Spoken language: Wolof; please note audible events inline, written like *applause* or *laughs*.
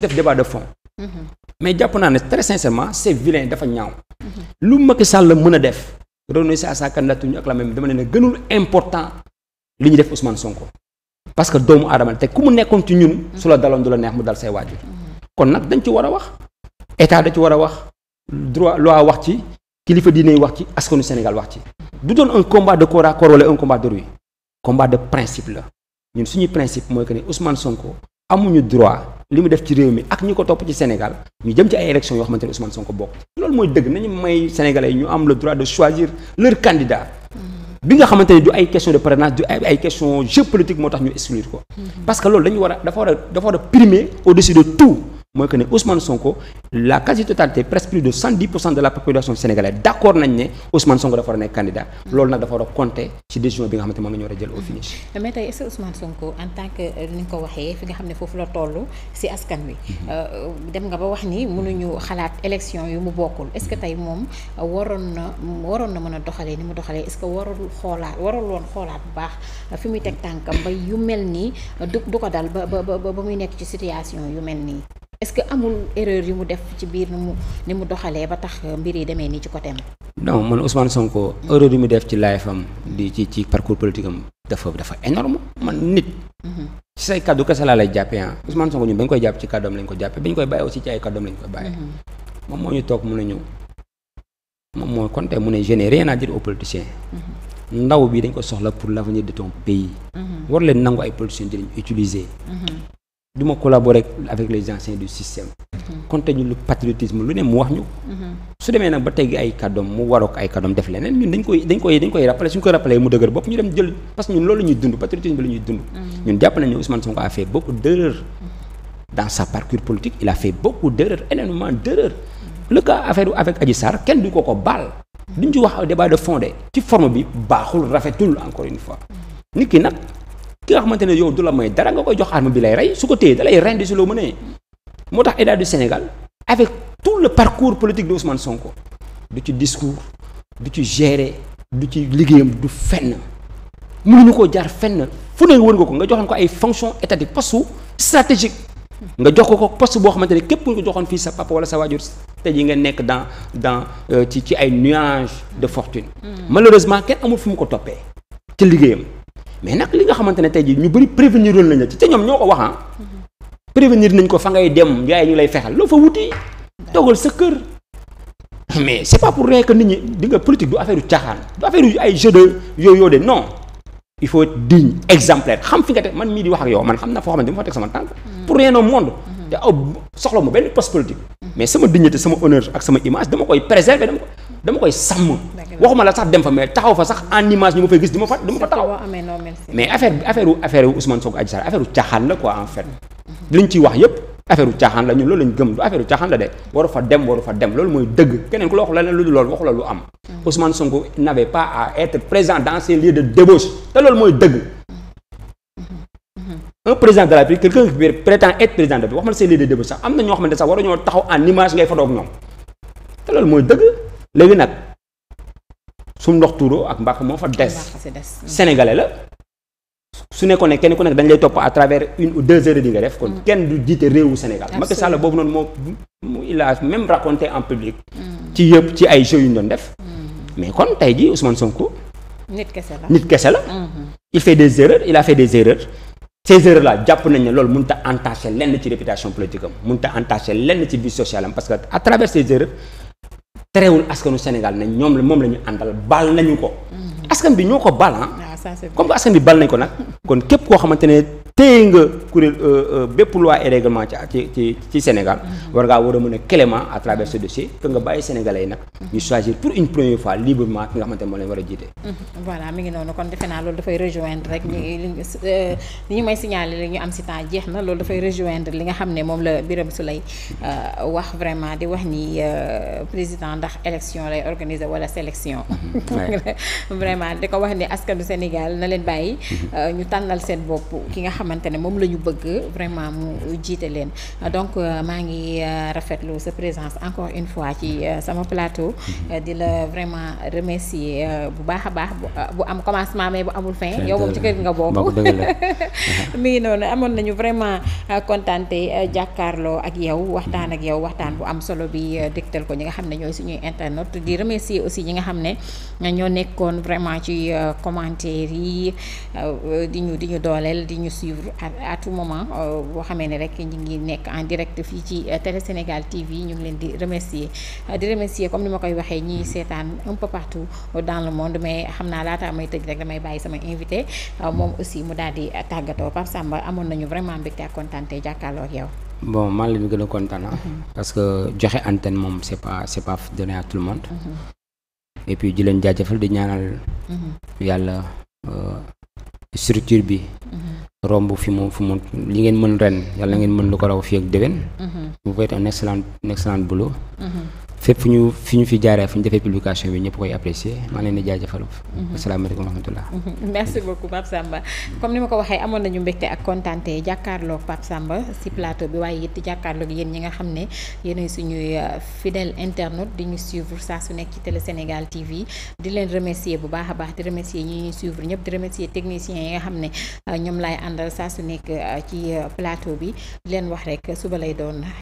def débat de fond. Mhm. mais jàpp naa ne très sincèrement c'est vilain dafa ñaaw. Mhm. lu Macky Sall mën a def. renoncer à saa candidature ñu ak la même dama ne ne gënul important li ñu def Ousmane Sonko. parce que doomu aadama te ku mu nekkoon ci ñun. Mhm. su la daloon du la neex mu dal say waajur. kon nag dañ ci war a wax. état da ci war a wax. droit loi wax ci. kilifa diine wax ci askanu Sénégal wax ci. du doon un combat de corps à corps wala un combat de rue. combat de principe mooy que ne Ousmane Sonko amuñu droit. li mu def ci réew mi ak ñi ko topp ci Sénégal ñu jëm ci ay élections yoo xamante ne Ousmane Sonko bokk loolu mooy dëgg nañu may sénégalais ñu am le droit de choisir leur candidat bi nga xamante ne du ay question de parrainage du ay question géopolitique moo tax ñu exclure ko mm-hmm. parce que dañu war dafa war dafa war primer au-dessus de tout mooy que ne Ousmane Sonko la quasi totalité presque plus de cent dix pour cent de la population sénégalaise d' accord nañ ne Ousmane Sonko dafa war a nekk candidat loolu nag dafa war a compter ci décision bi a jël au finish. mais tey est ce que Ousmane Sonko que euh, ni nga ko waxee fi nga ne foofu la toll si askan wi mhm. euh, dem nga ba wax ni ñu xalaat élection yu mu bokkul est ce que mhm. tey moom waroon na waroon na mën a doxalee ni mu doxalee est ce que warul xoolaat warul woon xoolaat bu baax fi muy teg tànkam ba yu mel nii du du ko dal ba ba ba muy nekk ci situation yu mel nii. est-ce que amul erreur yu mu def ci biir ni mu ni mu doxalee ba tax mbir yi demee nii ci côté non man Ousmane Sonko erreur yu mu def ci life am di ci ci parcours politique am dafa dafa énorme man nit mhm. ci say kaddu kese laa lay jàppee ah Ousmane Sonko ñun bañ koy jàpp ci kaddoom lañ ko jàppee bañ koy bàyyi aussi ci ay kaddoom lañ koy bàyyi mhm. moom moo ñu toog mun a ñëw moom moo kon tey mu ne je n'ai rien à dire mhm. ndaw bi dañ ko soxla pour l'avenir de ton pays war leen nangu ay politiciens di du ma collaborer avec les anciens du système. Mhm. compte ñu lu patriotisme lu ne mu wax ñu. Mhm. su demee nag ba tey ay kàddoom mu warook ay kàddoom def leneen ñun dañ koy dañ koy dañ suñ ko rappeler mu dëgër bopp ñu dem jël parce ñun loolu ñuy dund patriotisme bi la ñuy dund. Mhm. ñun jàpp nañu ne Ousmane Sonko a fait beaucoup d'erreurs parcours politique il a fait beaucoup d'erreurs énormément d'erreurs le cas avec Adji kenn du ko ko baal. duñ ci wax débat de fond de ci ki nga xamante ne yow du la may dara nga koy jox arme bi lay rey su ko téye da rendi si loo mënee moo tax état du Sénégal avec tout le parcours politique de Ousmane Sonko du ci discours du ci gérer du ci liggéeyam du fenn mënuñu koo jaar fenn fu ne wër nga ko nga joxoon ko ay fonction étatique poste stratégique nga jox ko ko poste boo xamante ne képp ku ko joxoon fii sa papa wala sa waajur te ji nga nekk dans dans euh, ci ci ay nuages de fortune. Hmm. mais nag li nga xamante ne tey jii ñu bëri prévenir woon nañ la ci te ñoom ñoo ko wax ah. prévenir nañ ko fa ngay dem gars yi ñu lay fexal loo fa wuti. toogal sa kër. mais c'est pas pour rien que nit ñi di nga politique du affaire yu caaxaan ay jeu de yooyu de il faut être digne exemplaire xam fi nga man mii di wax ak yow man xam naa foo xamante ni ma fa teg sama tànk. Mm. pour rien au monde. te aw soxla ma benn poste politique. Mm. mais sama dignité sama honneur ak sama image dama koy préserver dama koy dama koy sàmm. waxuma la sax dem fa mais taxaw fa sax en image ñu ma fay gis du ma fa du ma fa taxaw mais affaire bi affaire affaire Ousmane Sonko Adji Sarr affaire caaxaan la quoi en fait mhm. liñ ciy wax yépp affaire caaxaan la ñun loolu lañ gëm du affaire caaxaan la de waru fa dem waru fa dem loolu mooy dëgg keneen ku la wax leneen lu dul loolu waxu la lu am mhm. Ousmane Sonko n'avait pas à être présent dans ces lieux de débauche te loolu président de la président de la République wax la seen de débauche sax ñoo xamante sax waruñoo taxaw en image ngay photo ak nag sum ndox tuuroo ak mbàq moo fa des mm. sénégalais la su nekkoon ne kenn ku nekk dañ lay topp à une ou deux heures di nga def kon mm. kenn du jiite réewu Sénégal Macky a même raconté mm. kon tey jii Ousmane Sonko nit kese la mm-hmm. il fait des erreurs il a fait des erreurs ces erreurs là jàpp nañ ne loolu mënut a entaché lenn ci réputation politique am mënut a lenn ci vie sociale parce que à travers ces terewul askanu Sénégal nañ ñoom la moom la ñu àndal baal nañu ko. Mm-hmm. askan bi ñoo ko baal ah. ah comme que askan bi baal nañ ko nag kon képp koo xamante ne téye nga. kuréel euh, euh, bépp loi et règlement ci ci ci Sénégal war ngaa war a mën a clément à travers ce dossier que nga bàyyi Sénégalais yi nag ñu choisir pour une première fois librement ki nga xamante moo leen war a jiite mmh. voilà mi ngi noonu kon defe naa loolu ñu euh, li ñu may signaler nga xam mmh. *laughs* na leen bàyyi mmh. ñu tànnal seen bopp ki nga xamante ne moom la bëgg vraiment mu jiite leen donc euh, maa ngi euh, rafetlu sa présence encore une fois ci euh, sama plateau mhm. di la vraiment remercier bu baax a baax bu am commencement mais bu amul fin yow moom ci kër nga bokk mi *laughs* ngi noonu amoon nañu vraiment kontaante jàkkaarloo ak yow waxtaan ak yow waxtaan bu am solo bi dégtal ko ñi nga xam ne ñooy suñuy internet di remercier aussi ñi nga xam ne ñoo nekkoon vraiment ci commentaire yi di ñu dooleel di ñu suivre tout moment euh, boo xamee ne rek ñu ngi nekk en direct fii ci euh, Télé Sénégal TV ñu leen di remercier euh, di remercier comme ni ma koy waxee ñiy seetaan un peu partout dans le monde mais xam naa laata may tëj rek damay bàyyi sama invité moom aussi mu daal di tàggatoo par Samba amoon nañu vraiment te ak kontaan te jàkkaarloo ak yow. bon man la ñu gën a kontaan ah. mm-hmm. parce que joxe antenne moom c'est pas c'est pas donné à tout le monde. Mm-hmm. et puis di leen jaajëfal di ñaanal. Mm-hmm. yàlla romb fi mu fi mu li ngeen mën ren yàlla ngeen mën lu ko raw fii ak déwén. Mm-hmm. vous faites un excellent un excellent boulot. Mm-hmm. fépp fu ñu fi ñu fi jaaree fu ñu defee publication bi ñëpp koy apprécier maa leen di jaajëfal. Mhm. asalaamaaleykum wa rahmatulah. Mhm. merci beaucoup Pape Samba comme ni ma ko waxee amoon nañu mbégte ak kontante jàkkaarloog Pape Samba si plateau bi waaye it jàkkaarloog yéen ñi nga xam ne yéenay suñuy euh, fidèle internet di ñu suivre saa su nekk ci Télé Sénégal TV di leen remercier bu baax a baax di remercier ñi ñuy suivre ñëpp di remercier techniciens yi nga xam ne euh, ñoom laay àndal saa su nekk euh, ci plateau bi leen wax rek suba lay doon